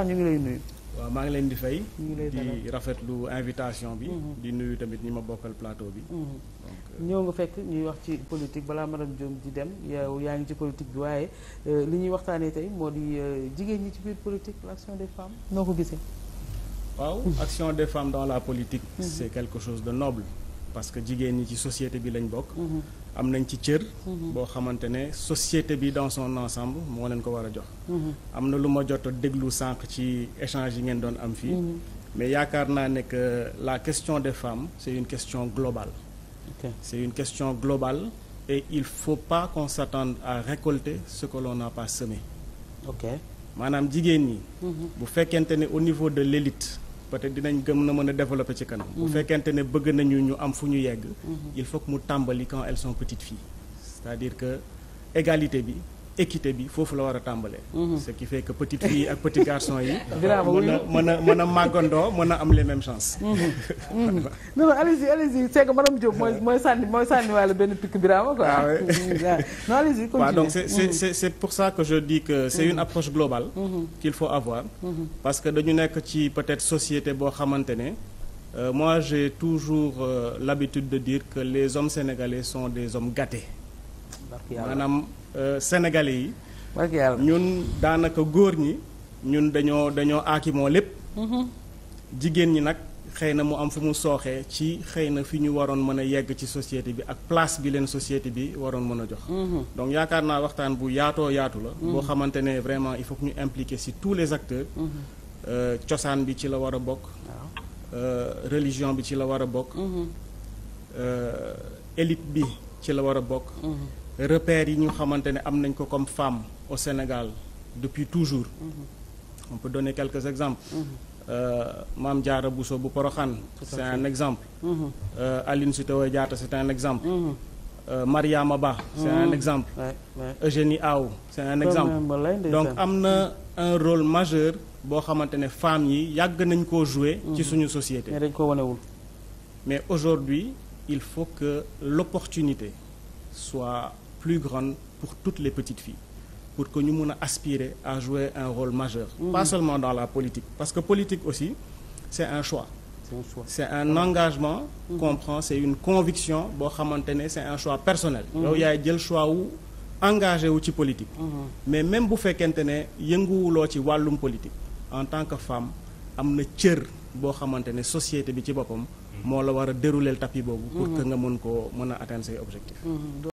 Ah, ñu ngi lay nuyu. waaw maa ngi leen di fay. di rafetlu invitation bi. Mm-hmm. di nuyu tamit ñi ma bokkal plateau bi. Mm-hmm. Euh, ñoo nga fekk ñuy wax ci politique balaa madame Diom di dem yow yaa ngi ci politique bi waaye euh, li ñuy waxtaanee tey moo di euh, jigéen ñi ci biir politique l'action des femmes noo ko gisee. waaw action des femmes dans la politique. Mm-hmm. c'est quelque chose de noble. parce que jigéen ñi ci société bi lañ bokk. Mhm. am nañ ci cër. Mhm. boo xamante ne société bi dans son ensemble moo leen ko war a jox. Mhm. am na lu ma jot a déglu sànq ci échange yi ngeen doon am fii. mais yaakaar naa ne que la question des femmes c'est une question globale. Okay. c'est une question globale et il faut pas qu'on à récolter ce que l'on n'a pas semé. maanaam jigéen ñi. bu fekkente ne au niveau de l'élite peut-être dinañ gëm a mën a développer ci kanam. bu mm-hmm. fekkente ne bëgg nañu ñu am fu ñu yegg. Mm-hmm. il faut mu tàmbali quand elles sont petites filles c'est-à-dire que égalité bi. équité bi foofu la war a tàmbalee. Mhm. ce qui fait que petite fille ak petit garçon yi. mën a mën a mën a mën a am les mêmes chances. Mhm. Mhm. non non allez-y allez-y c'est que madame Diop mooy mooy sànni mooy sànniwaale benn picc Birama quoi. waaw ah non allez-y continue. donc c'est c'est pour ça que je dis que c'est une approche globale. qu'il faut avoir. parce que dañu nekk ci peut-être société boo xamante ne. Euh, moi j'ai toujours euh, l'habitude de dire que les hommes sénégalais sont des hommes gâtés. maanaam euh, sénégalais yi. ñun daanaka góor ñi ñun dañoo dañoo aakimoo lépp. Mm-hmm. jigéen ñi nag xëy na mu am fu mu sooxee ci xëy na fi ñu waroon mën a yegg ci société bi ak place bi leen société bi waroon mën a jox. Mm-hmm. donc yaakaar naa waxtaan bu yaatoo yaatu la. Mm-hmm. boo xamante ne vraiment il faut ñu impliquer si tous les acteurs. Euh, cosaan bi ci la war a bokk. Euh, religion bi ci la war a bokk. élite bi ci la war a bokk. repères yi ñu xamante ne am nañ ko comme femme au Sénégal depuis toujours mhm. on peut donner quelques exemples mhm. euh, Maam Jaara Bousso bu Poroxaan c'est un exemple mhm. euh, Aline Sitoé Diatta c'est un exemple euh, Mariama Ba c'est un exemple Eugénie Aw c'est un exemple donc am na un rôle majeur boo xamante ne femmes yi yàgg nañ ko jouer ci suñu société dañ ko wanewul mais aujourd'hui il faut que l'opportunité soit plus grande pour toutes les petites filles pour que ñu mën a aspirer à jouer un rôle majeur mmh. pas seulement dans la politique parce que politique aussi c'est un choix c'est un engagement mmh. qu'on prend c'est une conviction boo xamante ne c'est un choix personnel mhm. yow yaay jël choix wu engagé wu ci politique mhm. mais même bu fekkente ne yënguwuloo ci wàllum politique en tant que femme am na cër boo xamante ne société bi ci boppam mhm. moo la war a dérouler le tapis boobu pour que nga mën koo mën a atteindre say